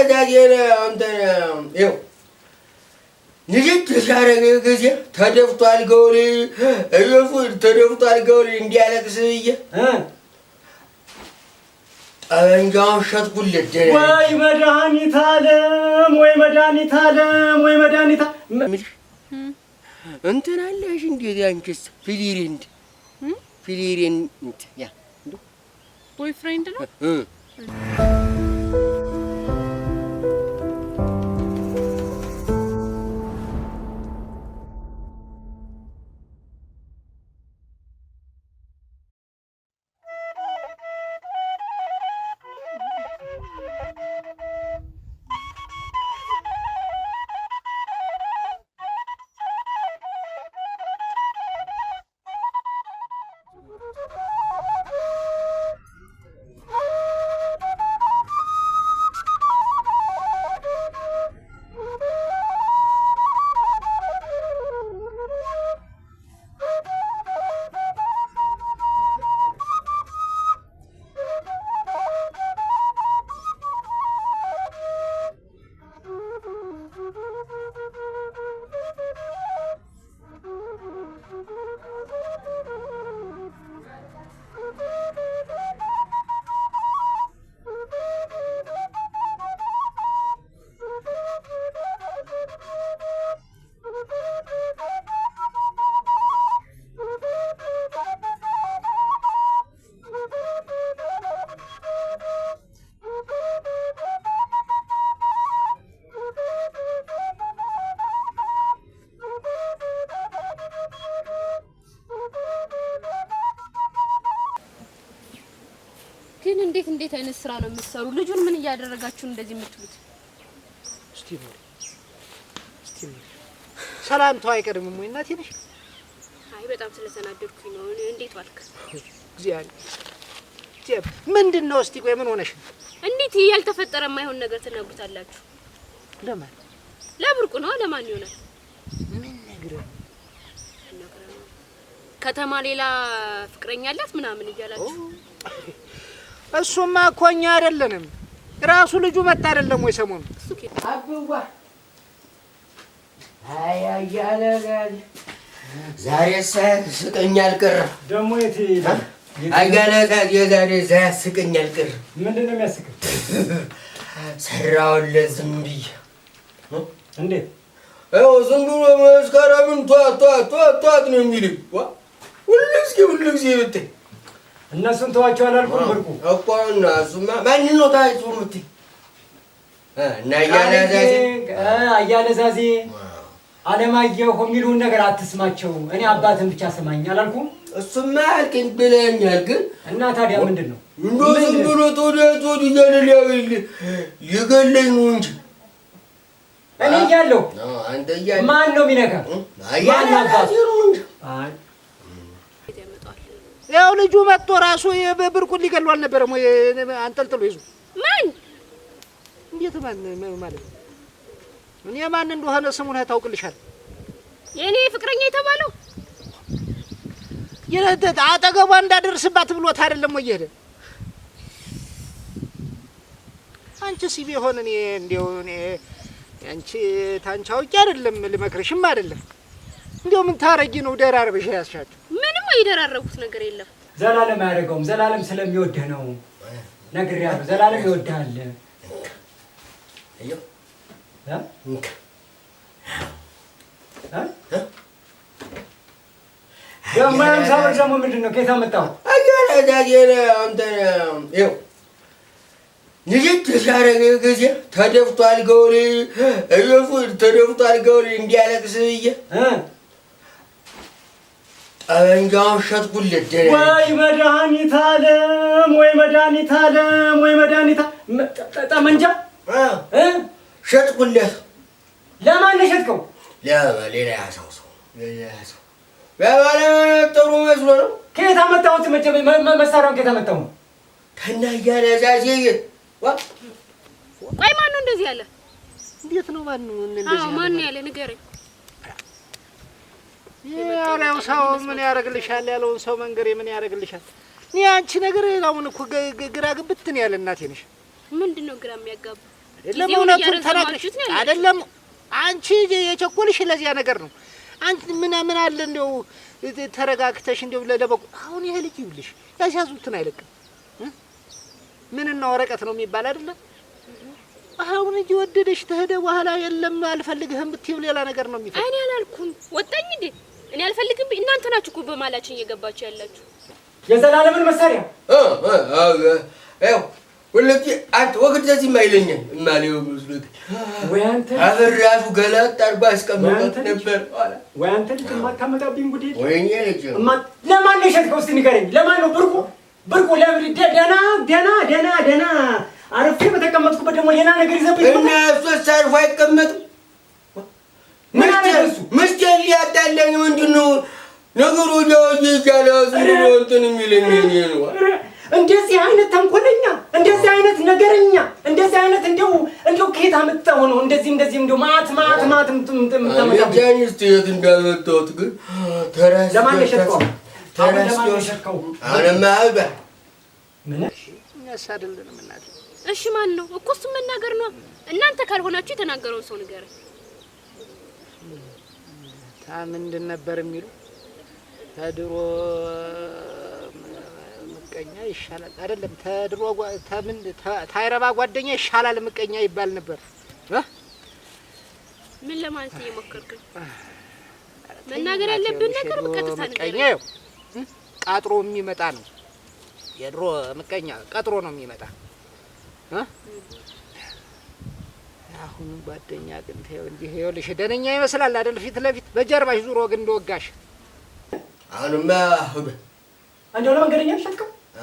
ወዳጄን አንተን ይኸው ንግድ ሲያደርግ ጊዜ ተደፍቶ አልጋው ላይ ኢየሱስ ተደፍቶ እንዲያለቅስ ብዬ ጠበንጃውን ሸጥኩለት። ወይ መድኃኒት ዓለም ወይ መድኃኒት ዓለም ወይ መድኃኒት እንትን አለሽ እንዴት አንቺስ ፊሊሪንድ ፊሊሪንድ ያ ቦይፍሬንድ ነው እንዴት እንዴት አይነት ስራ ነው የምትሰሩ? ልጁን ምን እያደረጋችሁ እንደዚህ የምትሉት? እስቲ ነው እስቲ ነው ሰላምታው አይቀድምም ወይ እናቴ ነሽ? አይ በጣም ስለተናደድኩኝ ነው። እንዴት ዋልክ? እግዚአብሔር እግዚአብሔር ምንድን ነው? እስቲ ቆይ ምን ሆነሽ? እንዴት ያልተፈጠረ የማይሆን ነገር ትነግሩታላችሁ? ለማን ለብርቁ ነው? ለማን ይሆናል? ምን ነግረው ከተማ ሌላ ፍቅረኛ አላት ምናምን እያላችሁ እሱማ እኮ እኛ አይደለንም። ራሱ ልጁ መጣ አይደለም ወይ ሰሞኑ አብዋ አያያለ ዛሬ ስቀኝ አልቅር ደግሞ የት አያለጋ የዛሬ ዛ ያስቀኝ አልቅር ምንድን ነው የሚያስቅር? ሰራሁለት ዝም ብዬ እንዴት ያው ዝም ብሎ መስከረምን ቷት ቷት ቷት ነው የሚልህ ሁሉ ጊዜ ሁሉ ጊዜ ብታይ እነሱን ተዋቸው አላልኩም። ብርቁ እኮ እሱማ ነው ታይቶ የምትይ እና አለማየሁ የሚሉን ነገር አትስማቸው። እኔ አባትን ብቻ ስማኝ አላልኩም። እሱማ ግን እና ታዲያ ምንድን ነው ዝም ብሎ ነው እንጂ እኔ እያለሁ ማን ነው የሚነካ? ማን አባት ያው ልጁ መጥቶ ራሱ ብርቁን ሊገሉ አልነበረም ወይ? አንጠልጥሎ ይዞ ማን እንዴት ማን ማለት ነው? እኔ ማን እንደሆነ ስሙን ታውቅልሻል? የእኔ ፍቅረኛ የተባለው ይረደት አጠገቧ እንዳደርስባት ብሎት አይደለም ወይ ሄደ? አንቺ ሲ ቢሆን እኔ እንዲያው እኔ አንቺ ታንቺ አውቄ አይደለም ልመክርሽም አይደለም እንዲያው ምን ታረጊ ነው ደራርበሽ ያስሻቸው የደራረጉት ነገር የለም። ዘላለም አያደርገውም። ዘላለም ስለሚወድህ ነው ነግሬሃለሁ። ዘላለም ይወድሃል። ደግሞ የሀምሳ ደግሞ ምንድን ነው? ከየት አመጣኸው? ንግት ሲያደርግ ጊዜ ተደፍቶ አልጋው ላይ ተደፍቶ አልጋው እንዲያለቅስ ብዬ ጠበንጃውን ሸጥኩለት። ወይ መድኃኒት ዓለም ወይ መድኃኒት ዓለም ወይ መድኃኒት ጠመንጃ ሸጥኩለት። ለማን ሸጥከው? ሌላ ያሰው ሰው ጥሩ መስሎ ነው። ከየት አመጣሁት? መሳሪያውን ከየት አመጣሁ? ከናያለ ዛዜ ቆይ፣ ማን እንደዚህ ያለ? እንዴት ነው ማን ነው ያለ ንገረኝ ያለው ሰው ምን ያደርግልሻል? ያለውን ሰው መንገሬ ምን ያደርግልሻል? እኔ አንቺ ነገር አሁን እኮ ግራ ግብትን ያለ እናቴ ነሽ። ምንድን ነው ግራ የሚያጋባ? አይደለም እውነቱን ተናግረሽ አይደለም አንቺ የቸኮልሽ ለዚያ ነገር ነው። አንቺ ምን ምን አለ እንደው ተረጋግተሽ እንደው ለደበቁ አሁን ይሄ ልጅ ይውልሽ ያስያዙትን አይለቅም። ምንና ወረቀት ነው የሚባል አይደለም። አሁን እንጂ ወደደሽ ተሄደ በኋላ የለም አልፈልግህም ብትይው ሌላ ነገር ነው የሚፈ እኔ አላልኩም ወጣኝ እንዴ እኔ አልፈልግም። እናንተ ናችሁ እኮ በማላችን እየገባችሁ ያላችሁ። የዘላለምን መሳሪያ ሁለቴ አንተ ወግድ ዘዚህ ማይለኛል እማሌው ምስሉት ወይ አንተ አበራሱ ገላት አርባ ነበር። ወይ አንተ ልጅ የማታመጣብኝ ጉዴ ወይኔ ልጅ ለማን ነው የሸጥከው? እስኪ ንገረኝ። ለማን ነው ብርቁ ብርቁ ደና ደና ደና ደና አረፌ በተቀመጥኩበት ደግሞ ሌላ ነገር ይዘብኝ እና እሱ ሳይርፋ አይቀመጥም ምስቴ ሊያጣላኝ ምንድን ነው ነገሩ? ጃወጅ ይቻለ ዝሮ እንትን የሚል እንደዚህ አይነት ተንኮለኛ፣ እንደዚህ አይነት ነገረኛ፣ እንደዚህ አይነት እንደው እንደው ከየት አመጣሁ ነው እንደዚህ እንደዚህ እንደው ማት ማት ማት ምትምትምትምጃኒስት እናንተ ካልሆናችሁ የተናገረውን ሰው ምንድን ነበር የሚሉ ተድሮ ምቀኛ ይሻላል አይደለም፣ ተድሮ ተምን ታይረባ ጓደኛ ይሻላል ምቀኛ ይባል ነበር። ምን ለማለት እየሞከርክ መናገር ያለብን ነገር በቀጥታ ምቀኛ ይኸው ቃጥሮ የሚመጣ ነው። የድሮ ምቀኛ ቀጥሮ ነው የሚመጣ አሁን ጓደኛ ቅንት እንዲህ ይኸውልሽ፣ ደነኛ ይመስላል አይደል? ፊት ለፊት በጀርባሽ ዙሮ ግን እንደወጋሽ። አሁንማ እንደው ለመንገደኛ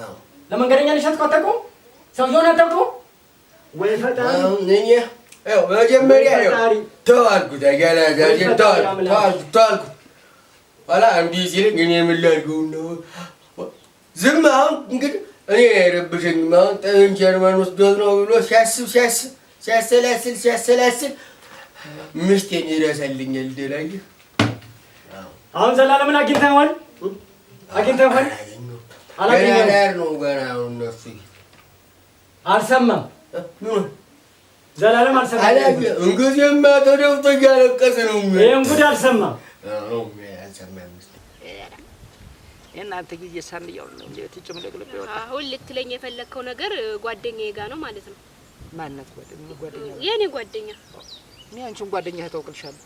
አዎ ለመንገደኛ ልሸጥከው። አታውቀውም፣ ዞን አታውቀውም ወይ? ፈጣሪ ነኝ መጀመሪያ ተዋልኩት፣ ተዋልኩት። ኋላ እንዲ ሲለኝ እኔ ምን ላድርገው ነው ዝም። አሁን እንግዲህ እኔ የረብሸኝ አሁን ጀርመን ውስጥ ነው ብሎ ሲያስብ ሲያስብ ሲያሰላስል ሲያሰላስል ምስቴን ይረሳልኝ ልደላየ አሁን ዘላለምን አግኝተኸዋል? አግኝተኸዋል? ነው ገና አሁን እነሱ አልሰማም ዘላለም አልሰማም። እንግዲህማ ተደውጦ እያለቀሰ ነው። ይህን ጉድ አልሰማም። የእናንተ ጊዜ ሳንያው ነው። አሁን ልትለኝ የፈለግከው ነገር ጓደኛዬ ጋ ነው ማለት ነው ማነት ጓደኛ? የእኔ ጓደኛ። እኔ አንቺን ጓደኛ ታውቅልሻለሁ።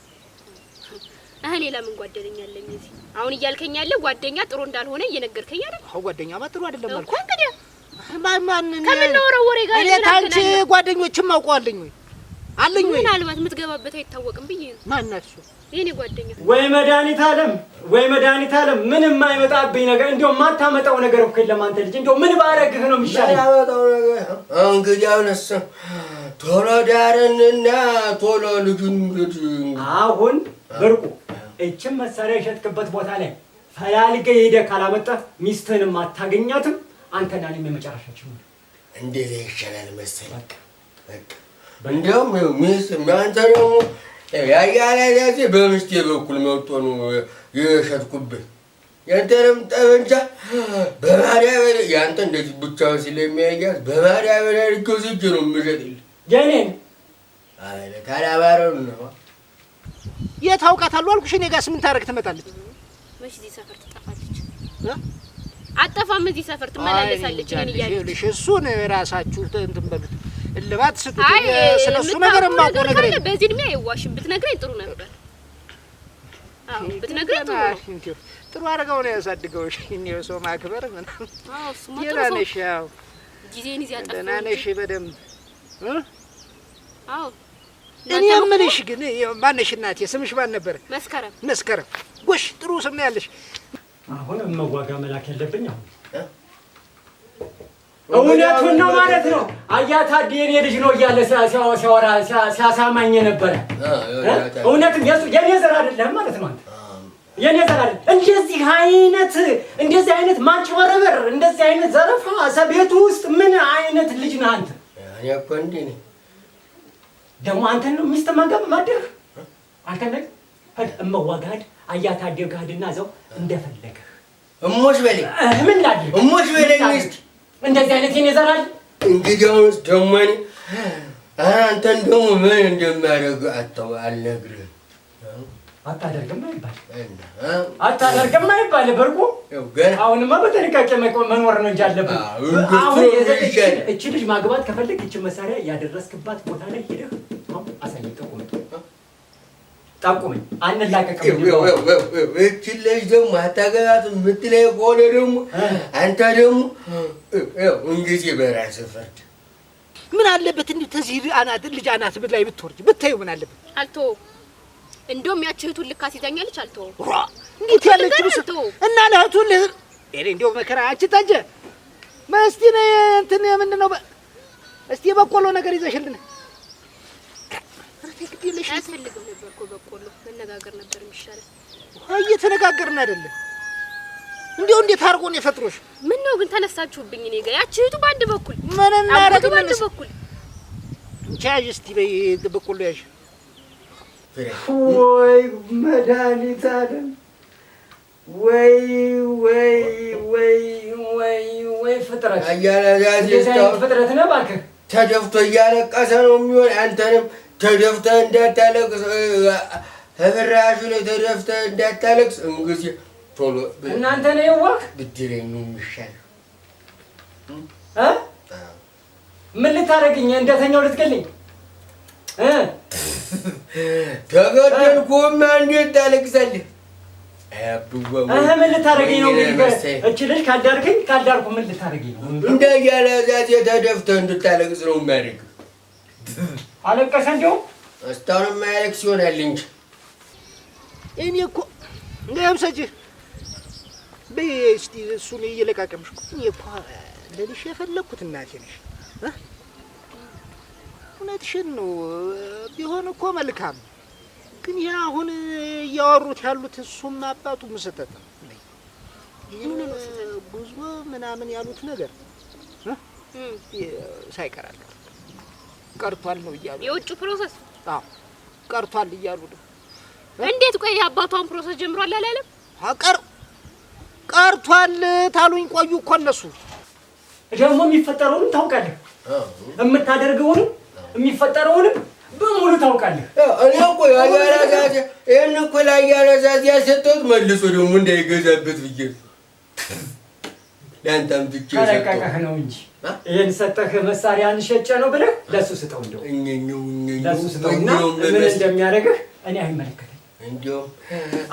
እኔ ለምን ጓደኛ አለኝ? እዚህ አሁን እያልከኝ ያለ ጓደኛ ጥሩ እንዳልሆነ እየነገርከኝ አይደል? አዎ ጓደኛ ጥሩ አይደለም አልኩ። እንግዲህ ከምናወራው ወሬ ጋር እኔ ታንቺ ጓደኞችም አውቀዋለኝ ወይ አለኝ ወይ? ምናልባት የምትገባበት አይታወቅም ብዬ ነው። ማናት እሱ? የኔ ጓደኛ ወይ መድኃኒት ዓለም ወይ መድኃኒት ዓለም ምን የማይመጣብኝ ነገር እንደው የማታመጣው ነገር እኮ የለም። አንተ ልጅ እንደው ምን ባረግህ ነው የሚሻለኝ? እንግዲህ አሁንስ ቶሎ ዳረንና ቶሎ ልጁን ልጅ አሁን ብርቁ እችም መሳሪያ የሸጥክበት ቦታ ላይ ፈላልገህ ሄደህ ካላመጣህ ሚስትህንም አታገኛትም። አንተና እኔም የመጨረሻችን ነው። ይሻላል መሰለኝ። በቃ በቃ ሚስት አንተ ደግሞ ያያላያዜ በምስቴ በኩል መጥቶ ነው የሸጥኩብህ። ያንተንም ጠበንጃ በማዳበሪያ ያንተ እንደዚህ ብቻውን ስለሚያያዝ በማዳበሪያ ልኬው ዝጅ ነው የምሸጥልህ። ጀኔን ካላባረሩ ነው የት አውቃታለሁ አልኩሽ። እኔ ጋር ስምን ታደርግ ትመጣለች። መች እዚህ ሰፈር ትጠፋለች። አጠፋም እዚህ ሰፈር ትመላለሳለች። እሱን ራሳችሁ እንትን በሉት እልባት ስጡት። ስለሱ ነገር የማውቀው ነገር የለም። በዚህ እድሜ አይዋሽም። ብትነግረኝ ጥሩ ነበር። አዎ ብትነግረኝ ጥሩ ጥሩ አድርገው ነው ያሳድገው። እሺ እኔው ሰው ማክበር ምን አዎ እሱማ ጥሩ ሰው ነሽ። ያው ጊዜን ይዛ ጠፋ። ደህና ነሽ በደምብ እ አዎ እኔ የምልሽ ግን ማነሽ? እናቴ ስምሽ ማን ነበር? መስከረም። መስከረም መስከረም። ጎሽ ጥሩ ስም ያለሽ። አሁን መዋጋ መላክ ያለብኝ አሁን እውነቱን ነው ማለት ነው። አያታዴ የኔ ልጅ ነው እያለ ሲያወራ ሲያሳማኝ የነበረ እውነትም የኔ ዘር አይደለም ማለት ነው። የኔ ዘር አይደለም። እንደዚህ አይነት እንደዚህ አይነት ማጭበረበር፣ እንደዚህ አይነት ዘረፋ ቤቱ ውስጥ ምን አይነት ልጅ ነህ አንተ? ደግሞ አንተን ነው ሚስት ማገብ ማደር አንተን ላይ እመዋጋድ አያታ ዴጋድና ዘው እንደፈለገህ እሞሽ በለኝ ምን ላድርግ እሞሽ በለኝ ሚስት እንደዚህ አይነት ይህን ይዘራል። ደግሞ አንተን ደግሞ ምን እንደሚያደርግ አልነግርህም። አታደርግም አይባል አታደርግም አይባል በርቁ። አሁንማ በጥንቃቄ መኖር ነው እንጂ እቺ ልጅ ማግባት ከፈለግ እቺ መሳሪያ ያደረስክባት ቦታ ላይ ሄደህ አሳይቀቁም ጠቁመኝ አንላቀቅም። እቺ ልጅ ደግሞ አታገባት የምትለኝ ምን አለበት እንዲሁ ተዚህ ልጅ አናት ላይ ብትወርድ ብታዩ ምን አለበት? አልተወውም። እንደውም ያች እህቱን ልካ ሲዛኛለች። አልተወውም። እና ለእህቱን ልህ እንዲሁ መከራ አንቺ ጠጀ መስቲ ነ እንትን ነው እስቲ የበቆሎ ነገር ይዘሽልን ይልሽ አያስፈልግም ነበር እኮ በቆሎ መነጋገር ነበር የሚሻለው። እየተነጋገርን አይደለም። እንዲያው እንዴት አድርጎ ነው የፈጥሮሽ? ምን ነው ግን ተነሳችሁብኝ። እኔ ጋር ያቺ በአንድ በኩል ምን እናረግ በአንድ በኩል ብቻ ያዥ በይ በቆሎ ያዥ። ወይ መድኃኒት አለም ወይ ወይ ወይ ወይ ወይ ፍጥረት ፍጥረት ነው እባክህ። ተደፍቶ እያለቀሰ ነው የሚሆን አንተንም ተደፍተ እንዳታለቅስ ተበራሹ ላይ ተደፍተ እንዳታለቅስ። እንግዜ ቶሎ እናንተ ነው የዋክ ብድረኝ የሚሻል ምን ልታደርግኝ? እንደተኛው ልትገልኝ ተገደልኩማ እንዴት ታለቅሳለህ? ምን ልታደርገኝ ነው? እች ልጅ ካልዳርኩ ምን ልታደርገኝ ነው? እንደ እያለ እዛ ተደፍተህ እንድታለቅስ ነው የሚያደርግ አለቀሰ። እንደውም እስካሁንም ይሆናል እንጂ እኔ እኮ እሱን እየለቃቀምሽ እኔ እኮ ለልሽ የፈለግኩት እናቴ ነሽ። እውነትሽን ነው ቢሆን እኮ መልካም ግን ይህ አሁን እያወሩት ያሉት እሱም አባቱ ጉዞ ምናምን ያሉት ነገር ቀርቷል ነው እያሉ የውጭ ፕሮሰስ አዎ ቀርቷል እያሉ ነው። እንዴት ቆይ የአባቷን ፕሮሰስ ጀምሯል አላለም? አቀር ቀርቷል ታሉኝ። ቆዩ እኮ እነሱ ደግሞ የሚፈጠረውንም ታውቃለህ፣ የምታደርገውንም የሚፈጠረውንም በሙሉ ታውቃለህ። እኔ እኮ ያያራዛት ይሄን እኮ ላያራዛት ያሰጠሁት መልሶ ደግሞ እንዳይገዛበት ብዬ ለአንተም ብቻ ነው እንጂ ይህን ሰጠህ መሳሪያ ሸጬ ነው ብለህ ለሱ ስጠው። እንደው ለሱ ስጠውና ምን እንደሚያደርግህ እኔ አይመለከተኝ።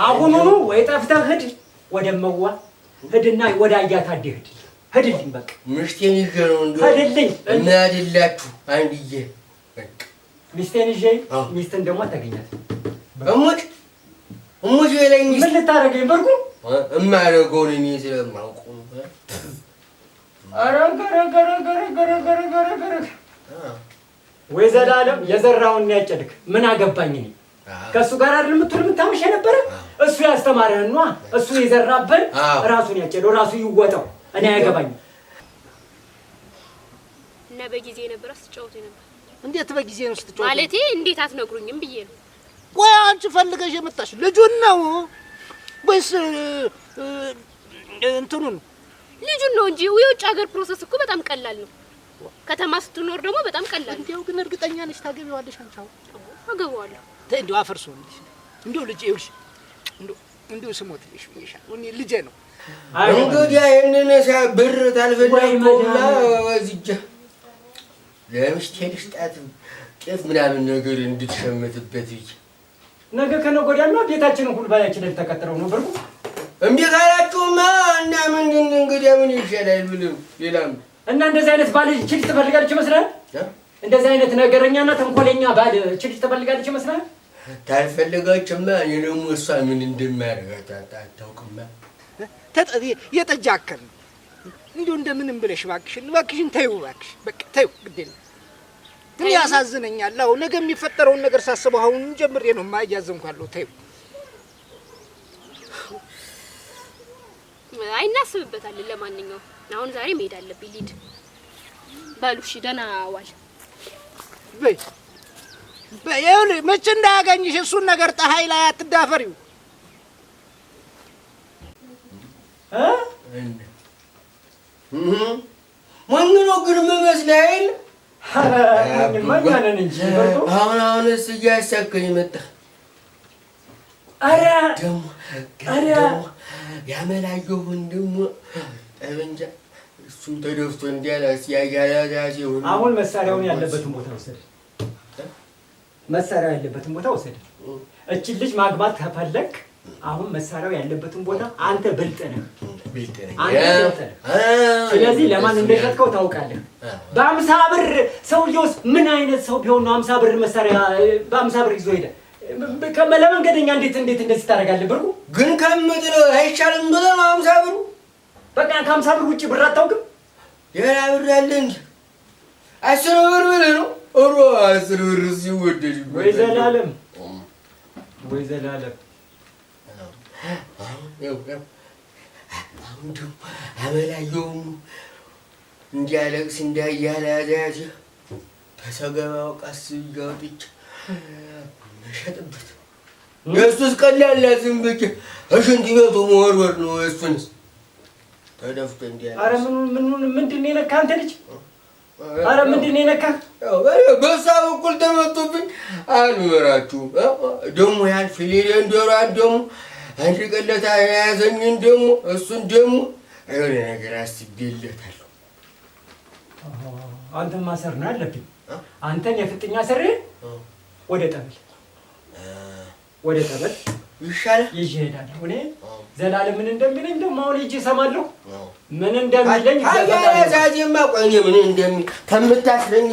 አሁኑኑ ወይ ጠፍተህ ሂድ ወደ መዋ ሂድና ወደ አያታዴ ሂድ ሂድልኝ። በቃ ምሽቴን ይዤ ነው እንደው ሂድልኝ። እና አይደላችሁ አንድዬ ሚስቴን ይዤ ሚስትን ደግሞ ተገኛት እሙት እሙት ይለኝ ምን ልታደርገኝ? በርኩ እማደርገውን እኔ ስለማውቀው ወይ ዘላለም የዘራውን ያጨድክ ምን አገባኝ እኔ ከእሱ ጋር አይደል የምትውል የምታመሽ የነበረ እሱ ያስተማረህን ነዋ እሱ የዘራበን ራሱን ያጨደው ራሱ ይወጣው እኔ አያገባኝ እና በጊዜ ነበር አስጫወት ነበር እንዴት በጊዜ ነው ስትጫወት ማለቴ እንዴት አትነግሩኝም ብዬ ነው ቆይ አንቺ ፈልገሽ የመጣሽ ልጁን ነው ወይስ እንትኑን ልጁን ነው እንጂ የውጭ ሀገር ፕሮሰስ እኮ በጣም ቀላል ነው። ከተማ ስትኖር ደግሞ በጣም ቀላል። ነው። እንዲያው ግን እርግጠኛ ነሽ ታገቢዋለሽ? አንቺ አሁን አገባዋለሁ። ተይ እንዲያው አፈርሶ እንዲያው ልጄ ይኸውልሽ፣ እንዲያው ስሞት ስሞትልሽ ብዬሻል። እኔ ልጄ ነው እንግዲህ ይህንን ብር ታልፈላላ ወዝጃ ለምሽቴ ልሽጣት ጤፍ ምናምን ነገር እንድትሸምትበት ይ ነገ ከነገ ወዲያማ ቤታችንን ሁሉ ባያችን ተቀጥረው ነው ብሩ እምቢ ካላ እሱማ እና ምንድን እንግዲህ ምን ይሻላል ብለው ሌላም እና እንደዚህ አይነት ባል ችል ትፈልጋለች ይመስላል። እንደዚህ አይነት ነገረኛና ተንኮለኛ ባል ችል ትፈልጋለች ይመስላል። ታልፈልጋችማ እኔ ደግሞ እሷ ምን እንደሚያደርጋት አታውቅማ። የጠጅ አከል ነው እንዲሁ እንደምንም ብለሽ እባክሽን እባክሽን ተይው፣ እባክሽ በቃ ተይው። ግዴለ ግን ያሳዝነኛል። አሁን ነገ የሚፈጠረውን ነገር ሳስበው አሁን ጀምሬ ነው ማ ተይው አይ እናስብበታለን። ለማንኛውም አሁን ዛሬ መሄድ አለብኝ፣ ልሂድ። በሉ እሺ፣ ደህና ዋል። በይ ይኸውልሽ፣ መች እንዳያገኝሽ እሱን ነገር ፀሐይ ላይ አትዳፈሪው። ነው ግን መመስለኝ አሁን አሁንስ እያሳከኝ መጣ ኧረ ያመላየ ወንድሙ ጠመንጃ እሱም ተደፍቶ እንዲያላሲያያላሲሆን አሁን መሳሪያውን ያለበትን ቦታ ወሰደ። መሳሪያው ያለበትን ቦታ ወሰደ። እችን ልጅ ማግባት ከፈለግ አሁን መሳሪያው ያለበትን ቦታ አንተ በልጠነህ ስለዚህ ለማን እንደሸጥከው ታውቃለህ። በአምሳ ብር ሰውዬውስ ምን አይነት ሰው ቢሆን ነው አምሳ ብር መሳሪያ በአምሳ ብር ይዞ ሄዳል? ለመንገደኛ እንዴት እንዴት እንደዚህ ታደርጋለህ? ብሩ ግን ከምጥለው አይቻልም ብለ ነው ሀምሳ ብሩ በቃ ከሀምሳ ብር ውጭ ብር አታውቅም። ሌላ ብር አለ እንጂ አስር ብር ብለ ነው ሮ አስር ብር ሲወደድ ወይ ዘላለም ወይ ዘላለም አሁን ደግሞ አበላየውም እንዲያለቅስ እንዲያያለ ያዘ ተሰገባው ቀስ እያወጥች ሸጥበት የእሱስ ቀላል ዝም ብዬ እሽንት ቤቱ መወርወር ነው። እሱንስ ተደፍቶ ምንድን የነካ አንተ ልጅ? ምንድን የነካ? በኩል ተመጡብኝ አልመራችሁም። ደግሞ ያን ፊሊሌን ዶሯን ደግሞ አንድ ቀለታ የያዘኝን ደግሞ እሱን ደግሞ የሆነ ነገር አንተን ማሰር ነው ያለብኝ። አንተን የፍጥኛ ስሬ ወደ ጠብል ወደ ተበል ይሻላል ይዤ እሄዳለሁ። እኔ ዘላለም ምን እንደሚለኝ ደግሞ አሁን ሂጅ እሰማለሁ። ምን እንደሚለኝ ዛዜማ ቆይ ምን እንደሚ ከምታስለኝ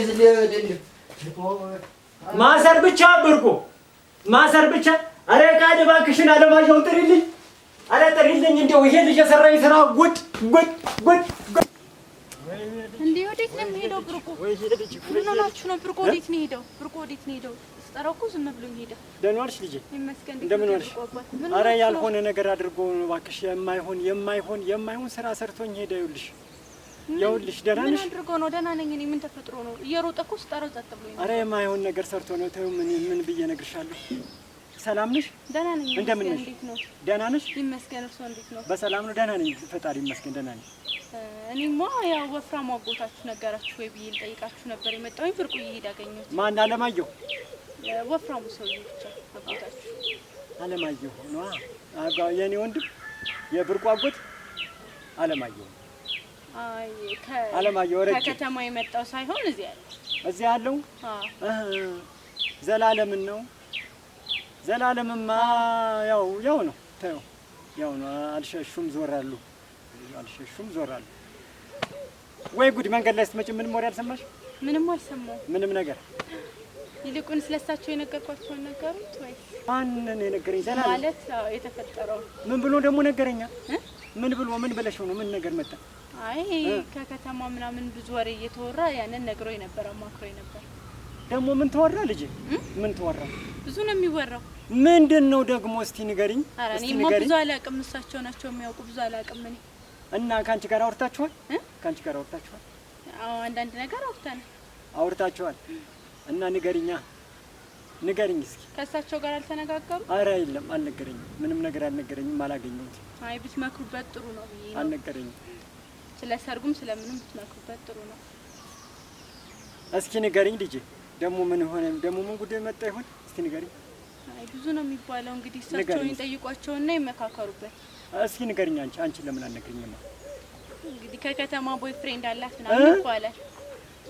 ማሰር ብቻ ብርቁ ማሰር ብቻ። አረ ቃድ እባክሽን አለማየሁን ጥሪልኝ፣ አረ ጥሪልኝ። እንደው ይሄ ልጅ የሰራኝ ስራ ጉድ ጉድ ጉድ እንዴ! ወዴት ነው የሚሄደው ብርቁ? ምን ሆናችሁ ነው ብርቁ? ወዴት ነው ሄደው ብርቁ? ወዴት ነው ሄደው ስጠራው እኮ ዝም ብሎኝ ሄደ። ደህና ዋልሽ ልጄ? ይመስገን። እንደምን ዋልሽ? አረ ያልሆነ ነገር አድርጎ ነው እባክሽ። የማይሆን የማይሆን የማይሆን ስራ ሰርቶኝ ሄደ። ይኸውልሽ ይኸውልሽ፣ ደህና ነሽ? ምን አድርጎ ነው? ደህና ነኝ እኔ። ምን ተፈጥሮ ነው? እየሮጠ እኮ ስጠራው ጸጥ ብሎኝ። አረ የማይሆን ነገር ሰርቶ ነው። ተይው፣ ምን ምን ብዬ እነግርሻለሁ። ሰላም ነሽ? ደህና ነኝ። እንደምን ነሽ? ደህና ነሽ? ይመስገን። እርስዎ እንዴት ነው? በሰላም ነው። ደህና ነኝ፣ ፈጣሪ ይመስገን። ደህና ነኝ። እኔማ ያው ወፍራም አጎታችሁ ነገራችሁ ወይ ብዬ ልጠይቃችሁ ነበር የመጣሁኝ። ብርቁዬ ሄድ አገኘሁት። ማን አለማየሁ ወፍራሙ ሰውዬ ብቻ አጎታችሁ አለማየሁ ነው። የእኔ ወንድም የብርቁ አጎት አለማየሁ ነው። አለማየሁ ረጅም ከከተማ የመጣው ሳይሆን እዚህ ያለው እዚህ ያለው ዘላለምን ነው። ዘላለምማ ያው ያው ነው ተይው ያው ነው። አልሸሹም ዞራሉ አልሸሹም ዞራሉ ወይ ጉድ! መንገድ ላይ ስትመጪ ምንም ወሬ አልሰማሽ? ምንም አልሰማሁም። ምንም ነገር ይልቁን ስለሳቸው የነገርኳቸውን ነገሩት ወይ? ማንን የነገረኝ? ዘና ማለት የተፈጠረው ምን ብሎ ደግሞ ነገረኛ? ምን ብሎ ምን ብለሽው ነው? ምን ነገር መጣ? አይ ከከተማ ምናምን ብዙ ወሬ እየተወራ ያንን ነግሮ የነበረ ማክሮ ነበር። ደግሞ ምን ተወራ? ልጅ ምን ተወራ? ብዙ ነው የሚወራው። ምንድን ነው ደግሞ? እስቲ ንገሪኝ። እኔማ ብዙ አላቅም እሳቸው ናቸው የሚያውቁ። ብዙ አላቅም እኔ። እና ከአንቺ ጋር አውርታችኋል? ከአንቺ ጋር አውርታችኋል? አዎ አንዳንድ ነገር አውርተናል። አውርታችኋል እና ንገርኛ ንገርኝ እስኪ። ከእሳቸው ጋር አልተነጋገሩ? አረ የለም፣ አልነገረኝም። ምንም ነገር አልነገረኝም፣ አላገኘሁትም። አይ ብትመክሩበት ጥሩ ነው ብዬ አልነገረኝም። ስለ ሰርጉም ስለምንም ብትመክሩበት ጥሩ ነው። እስኪ ንገርኝ ልጄ። ደግሞ ምን ሆነ? ደግሞ ምን ጉዳይ መጣ ይሆን? እስኪ ንገርኝ። አይ ብዙ ነው የሚባለው እንግዲህ። እሳቸውን ይጠይቋቸውና ይመካከሩበት። እስኪ ንገርኝ አንቺ አንቺ ለምን አልነገረኝም? እንግዲህ ከከተማ ቦይ ፍሬንድ አላት ምናምን ይባላል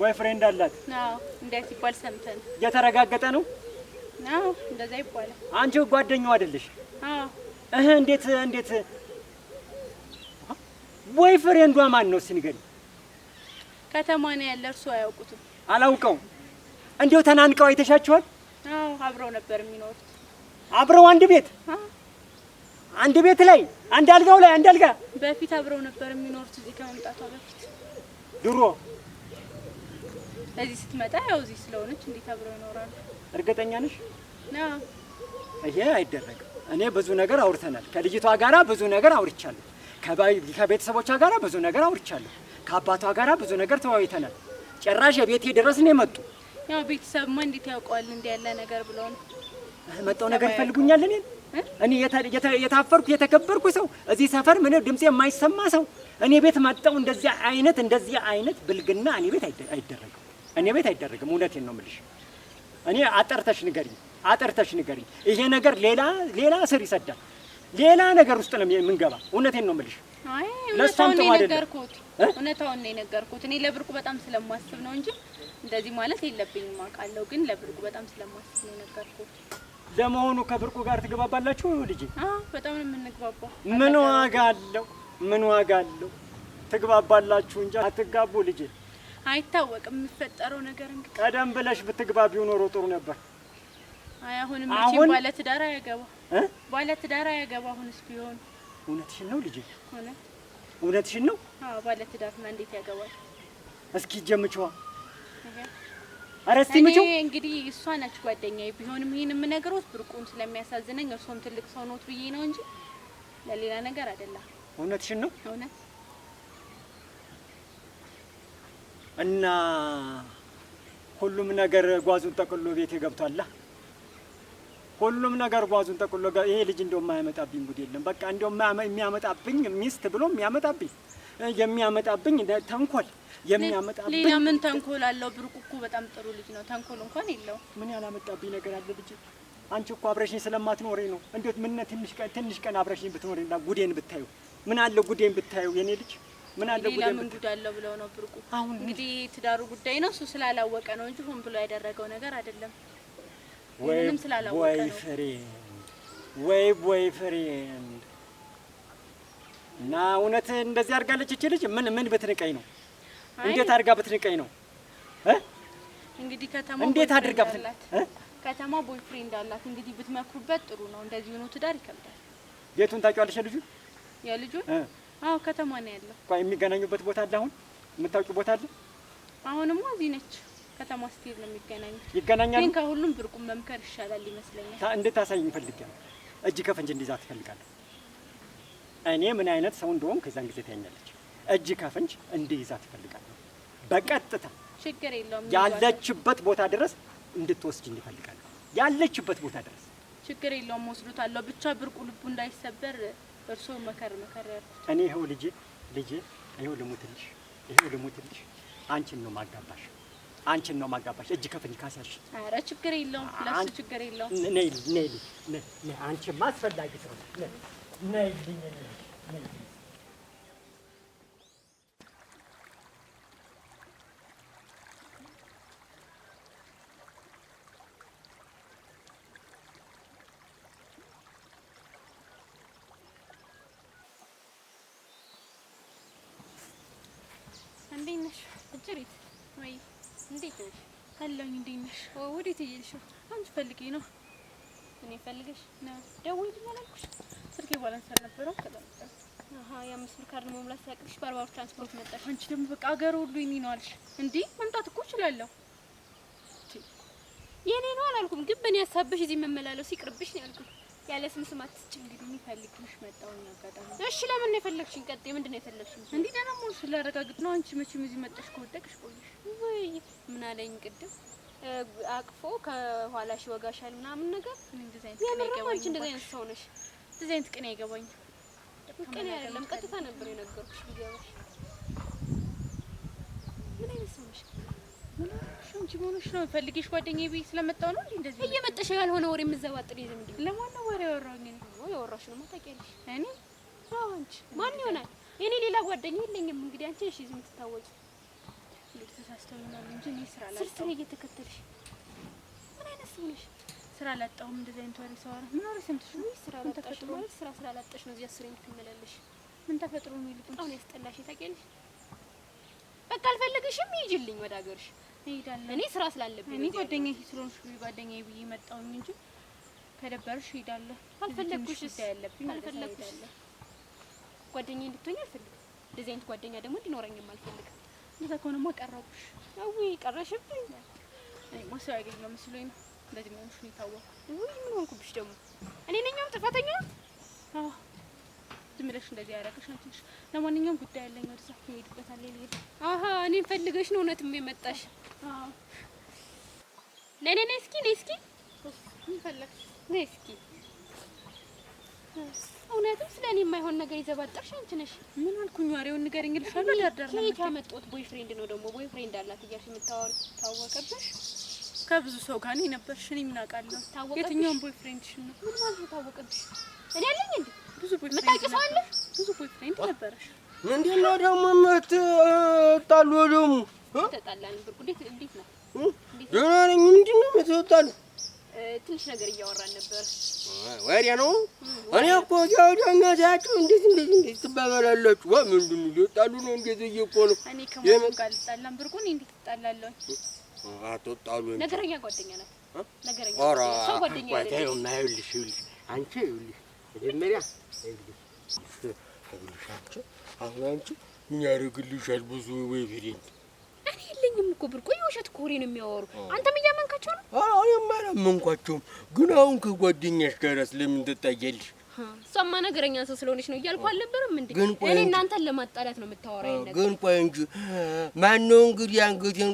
ቦይ ፍሬንድ አላት? አዎ። እንዴት ይባል ሰምተን እየተረጋገጠ ነው? አዎ፣ እንደዛ ይባላል። አንቺ ጓደኛው አይደለሽ? አዎ። እህ እንዴት እንዴት? ቦይ ፍሬንዷ ማን ነው እስኪ ንገሪኝ። ከተማ ነው ያለ፣ እርሱ አያውቁትም። አላውቀው። እንዴው ተናንቀው አይተሻቸዋል? አዎ፣ አብረው ነበር የሚኖሩት። አብረው አንድ ቤት አንድ ቤት ላይ አንድ አልጋው ላይ አንድ አልጋ በፊት አብረው ነበር የሚኖሩት እዚህ ከመምጣቷ በፊት ድሮ እዚህ ስትመጣ ያው እዚህ ስለሆነች እንዴት አብረው ይኖራሉ? እርግጠኛ ነሽ? ይሄ አይደረግም። እኔ ብዙ ነገር አውርተናል። ከልጅቷ ጋራ ብዙ ነገር አውርቻለሁ። ከቤተሰቦቿ ጋራ ብዙ ነገር አውርቻለሁ። ከአባቷ ጋራ ብዙ ነገር ተወያይተናል። ጭራሽ የቤቴ ድረስ ነው የመጡ። ያው ቤተሰብማ እንዴት ያውቀዋል እንዲህ ያለ ነገር ብሎ ነው መጣው ነገር ይፈልጉኛል። እኔን እኔ የታፈርኩ የተከበርኩ ሰው እዚህ ሰፈር ምን ድምፅ የማይሰማ ሰው እኔ ቤት መጣው። እንደዚህ አይነት እንደዚህ አይነት ብልግና እኔ ቤት አይደረግም። እኔ ቤት አይደረግም። እውነቴን ነው የምልሽ። እኔ አጠርተሽ ንገሪኝ፣ አጠርተሽ ንገሪኝ። ይሄ ነገር ሌላ ሌላ ስር ይሰዳል፣ ሌላ ነገር ውስጥ ነው የምንገባ። እውነቴን ነው የምልሽ። ለእሷም ጥሩ አይደለም። እውነታውን ነው የነገርኩት። እኔ ለብርቁ በጣም ስለማስብ ነው እንጂ እንደዚህ ማለት የለብኝም አውቃለሁ፣ ግን ለብርቁ በጣም ስለማስብ ነው የነገርኩት። ለመሆኑ ከብርቁ ጋር ትግባባላችሁ? ልጅ በጣም ነው የምንግባባው። ምን ዋጋ አለው? ምን ዋጋ አለው? ትግባባላችሁ እንጂ አትጋቡ ልጅ። አይታወቅም የሚፈጠረው ነገር። እንግዲህ ቀደም ብለሽ ብትግባቢው ኖሮ ጥሩ ነበር። አይ አሁን መቼም ባለ ትዳር አያገባ ባለ ትዳር አያገባ። አሁንስ ቢሆን እውነትሽን ነው ልጄ፣ እውነትሽን ነው። አዎ ባለ ትዳርና እንዴት ያገባል? እስኪ ጀምጪዋ። ኧረ እስቲ እንግዲህ እሷ ነች ጓደኛዬ። ቢሆንም ይሄን የምነግረው ብርቁን ስለሚያሳዝነኝ እርሶም ትልቅ ሰው ኖት ብዬ ነው እንጂ ለሌላ ነገር አይደለም። እውነትሽን ነው። እውነት እና ሁሉም ነገር ጓዙን ጠቅሎ ቤት ገብቷላ። ሁሉም ነገር ጓዙን ጠቅሎ ይሄ ልጅ እንደው የማያመጣብኝ ጉድ የለም። በቃ እንደው የሚያመጣብኝ ሚስት ብሎ የሚያመጣብኝ የሚያመጣብኝ ተንኮል የሚያመጣብኝ ሌላ ምን ተንኮል አለው? ብርቁ እኮ በጣም ጥሩ ልጅ ነው። ተንኮል እንኳን የለው። ምን ያላመጣብኝ ነገር አለ ልጅ? አንቺ እኮ አብረሽኝ ስለማትኖሪ ነው። እንዴት ምን ትንሽ ቀን ትንሽ ቀን አብረሽኝ ብትኖሪ እና ጉዴን ብታዩ ምን አለ ጉዴን ብታዩ የኔ ልጅ ምን አለ ጉድ አለው ብለው ነው ብርቁ። አሁን እንግዲህ ትዳሩ ጉዳይ ነው። እሱ ስላላወቀ ነው እንጂ ሆን ብሎ ያደረገው ነገር አይደለም። ምንም ስላላወቀ ወይ ወይ ወይ እና እውነት እንደዚህ አድርጋለች እቺ ልጅ። ምን ምን ብትንቀኝ ነው? እንዴት አድርጋ ብትንቀኝ ነው? እንግዲህ እንዴት አድርጋ ብትንቀኝ ከተማ ቦይፍሬንድ አላት። እንግዲህ ብትመክሩበት ጥሩ ነው። እንደዚህ ሆኖ ትዳር ይከብዳል። ቤቱን ታውቂዋለሽ ልጁ የልጁን አዎ ከተማ ነው ያለው። ቆይ የሚገናኙበት ቦታ አለ? አሁን የምታውቂው ቦታ አለ? አሁንማ እዚህ ነች ከተማ ስትሄድ ነው የሚገናኙት። ይገናኛሉ። ግን ከሁሉም ብርቁን መምከር ይሻላል ይመስለኛል። እንዴት ታሳይኝ እጅ ከፍንጅ እንዲዛ ትፈልጋለሁ እኔ ምን አይነት ሰው እንደሆን ከዛን ጊዜ ታይኛለች። እጅ ከፍንጅ እንዲይዛ ትፈልጋለሁ በቀጥታ ችግር የለውም። ያለችበት ቦታ ድረስ እንድትወስድ እንፈልጋለሁ። ያለችበት ቦታ ድረስ ችግር የለውም። ወስዱታለሁ። ብቻ ብርቁ ልቡ እንዳይሰበር እርስዎ መከር መከር ያልኩት እኔ ይኸው ልጄ ልጄ ይኸው ልሙትልሽ ይኸው ልሙትልሽ አንቺን ነው ማጋባሽ አንቺን ነው ማጋባሽ። እጅ ከፍንጅ ካሳሽ። ኧረ ችግር የለውም ለሱ ችግር የለውም። ነይ ነይ ነይ አንቺማ አስፈላጊ ሰው ነይ ነይ ጭሪት ወይ እንዴት ነሽ? አለሁኝ። እንዴት ነሽ? ወዴት እየሄድሽ ነው? አንቺ ፈልጌ ነው። እኔ ፈልገሽ ነው? ደውዪልኝ አላልኩሽ? ስልኬ ባላንስ አልነበረውም። አሀ የአምስት ብር ካርድ መሙላት ሲያቅትሽ በአርባ ብር ትራንስፖርት መጣሽ። አንቺ ደግሞ በቃ አገር ሁሉ የእኔ ነው አልሽ። እንዴ መምጣት እኮ እችላለሁ። የእኔ ነው አላልኩም፣ ግን በእኔ ሀሳብሽ እዚህ መመላለሱ ይቅርብሽ ነው ያልኩት። ያለ ስም ስም አትችም። እንግዲህ የሚፈልግሽ መጣሁኝ አጋጣሚ። እሺ ለምን ነው የፈለግሽኝ? ቀጥ ምንድን ነው የፈለግሽኝ? እንዲህ ደግሞ ስላረጋግጥ ነው። አንቺ መቼም እዚህ መጣሽ ከወደቅሽ ቆይሽ። ወይ ምን አለኝ ቅድም አቅፎ ከኋላሽ ይወጋሻል ምናምን ነገር። የምርም አንቺ እንደዚህ አይነት ሰው ነሽ። እንደዚህ አይነት ቅኔ አይገባኝ። ቅኔ አይደለም ቀጥታ ነበር የነገርኩሽ። ቢገባሽ ምን አይነት ሰው ነሽ? አንቺ ምን ሆነሽ ነው? ፈልጌሽ ጓደኛዬ ቤት ስለመጣሁ ነው እንዴ? እንደዚህ እየመጣሽ ያልሆነ ወሬ የምዘባጥሪ ይዘም እንዴ? ለማን ነው ወሬ ያወራሁኝ? ነው ያወራሽ ነው ታውቂያለሽ። እኔ አዎ፣ አንቺ ማን ይሆናል? እኔ ሌላ ጓደኛ የለኝም። እንግዲህ አንቺ እሺ፣ ዝም ትታወቂ ልክ እንጂ እኔ ስራ አላጣሁም። ስልክ ነው እየተከተልሽ። ምን አይነት ሰው ነሽ? ስራ አላጣሁም። እንደዚህ አይነት ወሬ ሰው አረ ምን ወሬ ሰምተሽ ነው? ስራ አላጣሽ ማለት ስራ ስራ ነው እዚህ አስሬ የምትመላለሽ። ምን ተፈጥሮ ነው አሁን ያስጠላሽ ታውቂያለሽ። በቃ አልፈልግሽም፣ ወደ ሀገርሽ እሄዳለሁ። እኔ ስራ ስላለብኝ እኔ ጓደኛዬ ስለሆንሽ ጓደኛዬ ብዬ መጣሁኝ እንጂ ከደበርሽ እሄዳለሁ። አልፈለግኩሽ ያለብኝ ጓደኛዬ እንድትሆኝ አልፈልግም። እንደዚህ አይነት ጓደኛ ደግሞ እንዲኖረኝም አልፈልግም። እንደዛ ከሆነማ ቀረቡሽ። አዊ ቀረሽብኝ። እኔማ ሰው ያገኘው መስሎኝ ነው እንደዚህ መሆንሽ ነው የታወኩት። ውይ ምን ሆንኩብሽ ደግሞ? እኔ ነኝ ጥፋተኛ? አዎ ዝም ብለሽ እንደዚህ ያደረገሽ አንቺ ነሽ። ለማንኛውም ጉዳይ ያለኝ ወደ ስራ የምሄድበታል። ልሄድ። አሀ እኔን ፈልገሽ ነው እውነትም የመጣሽ? አዎ። ነይ ነይ ነይ፣ እስኪ ነይ፣ እስኪ ምን ፈለግሽ? ነይ እስኪ። እውነትም ስለ እኔ የማይሆን ነገር ይዘባጠርሽ አንቺ ነሽ። ምን አልኩኝ? ወሬውን ንገሪኝ እልሻለሁ። ዳርዳር ነው ከየት ያመጣሁት? ቦይፍሬንድ ነው ደግሞ። ቦይፍሬንድ አላት እያልሽ የምታወሪ ታወቀብሽ። ከብዙ ሰው ጋር ነው የነበርሽ። እኔ ምን አውቃለሁ? የትኛውን ቦይፍሬንድሽ ነው? ምን ማለት ታወቀብሽ? እኔ አለኝ እንዴ ብዙ ቦይፍሬንድ እንዴት ነው ደግሞ የምትጣሉ? ደግሞ እንዴት ነው? ደህና ነኝ። ምንድን ነው የምትጣሉ? ትንሽ ነገር እያወራን ነበር። ወዲያ ነው እኔ እኮ ያውዳኛታችሁ እንዴት እንዴት እንዴት ትባባላላችሁ? ዋ ምንድን ሊጣሉ ነው? እንዴት እኮ ነው? እኔ ከሞቱም ጋር ልጣላም። ብርቁን እንዴት ትጣላለሁ? አትጣሉ። ነገረኛ ጓደኛ ናት። ነገረኛ ሰው ጓደኛ ይኸውልሽ፣ ይኸውልሽ አንቺ ይኸውልሽ መጀመሪያ አሁን አንቺ ምን ያደርግልሻል? ብዙ ወይ ቢሪንድ እኔ የለኝም እኮ ብርቆ ውሸት እኮ ወሬ ነው የሚያወሩ። አንተም እያመንካቸው ነው። እኔማ አላመንኳቸውም፣ ግን አሁን ከጓደኛሽ እሷማ ነገረኛ ሰው ስለሆነች ነው እያልኩ አልነበረም እንዴ? እኔ እናንተን ለማጣላት ነው የምታወራ። ግን ቆይ እንጂ ማነው እንግዲህ አንገቴን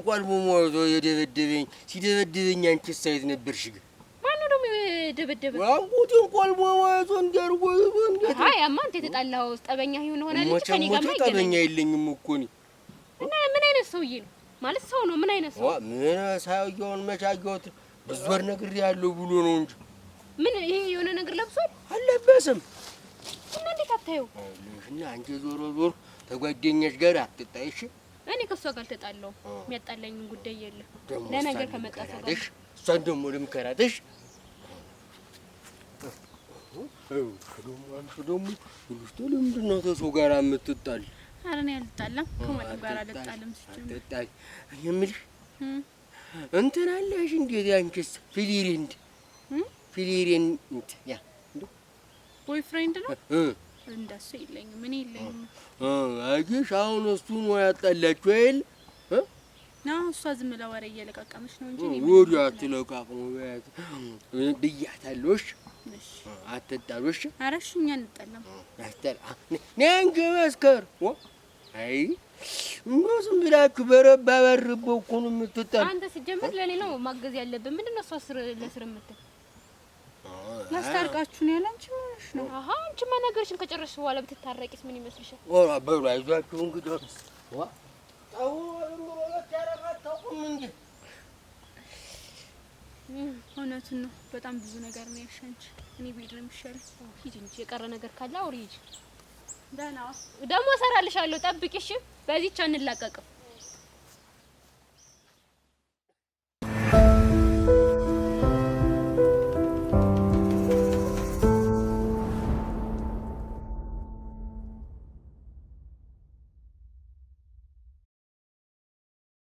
የደበደበኝ? ሲደበደበኝ አንቺ ሳይት ነበርሽ ግን ነው የሚደበደበ አንቁትን ቆልሞ ወዞ እንዲያርጎ እንዴት? አይ አንተ የተጣላኸው ጠበኛ ይሁን ሆናል እንጂ ከኔ ጋር ማይገናኝ ጠበኛ የለኝም እኮ እኔ። እና ምን አይነት ሰውዬ ነው ማለት ሰው ነው? ምን አይነት ሰው ምን ሳያየውን መቻየውት ብዙ ወር ነግሬ ያለው ብሎ ነው እንጂ ምን ይሄ የሆነ ነገር ለብሷል አልለበስም። እና እንዴት አታየው? እና አንቺ ዞሮ ዞሮ ተጓደኛሽ ጋር አትጣይሽ። እኔ ከእሷ ጋር አልተጣላሁም። የሚያጣላኝም ጉዳይ የለም። ለነገር ከመጣ ሰው ጋር እሷን ደግሞ ልምከራትሽ ደግሞ ብሉስተ ለምንድን ነው ተሰው ጋር የምትጣል? ኧረ እኔ አልጣላም ከማንም ጋር አልጣልም። አትጣይ። እኔ የምልሽ እንትን አለሽ እንዴት? ያንቺስ ፍሪንድ ፍሪንድ ያ ቦይ ነው እንደሱ የለኝም። እኔ የለኝም። አየሽ አሁን እሱ ነው ያጣላችሁ አይደል? ነው እሷ ዝም ብላ ወሬ እየለቃቀመች ነው እንጂ ወዲያ አትለቃቅሙ ብያታለሁ። እሺ አትጣሉ። እሺ፣ ኧረ እሺ፣ እኛ አንጣላም። ነይ እንጂ መስከር። አይ እንደው ዝም ብላችሁ በረባ በርቦ እኮ ነው የምትጣሉ። አንተ ሲጀምር ለእኔ ነው ማገዝ ያለብን። ምንድን ነው እሷ ስር ለስር የምትል ላስታርቃችሁ ነው ያለ። አንቺ ምንሽ ነው? አሀ አንቺማ ነገርሽን ከጨረስሽ በኋላ ብትታረቂስ ምን ይመስልሻል? ኦራ በሉ አይዟችሁ እንግዲህ ዋ ታው ምሮለት ያረጋታው ምን እንዴ እውነቱን ነው። በጣም ብዙ ነገር ነው ያሻንች። እኔ ብሄድ ነው የሚሻለው። ሂጂ እንጂ የቀረ ነገር ካለ አውሪ ሂጂ። ደህና ደግሞ እሰራልሻለሁ፣ ጠብቂሽ። እንላቀቅም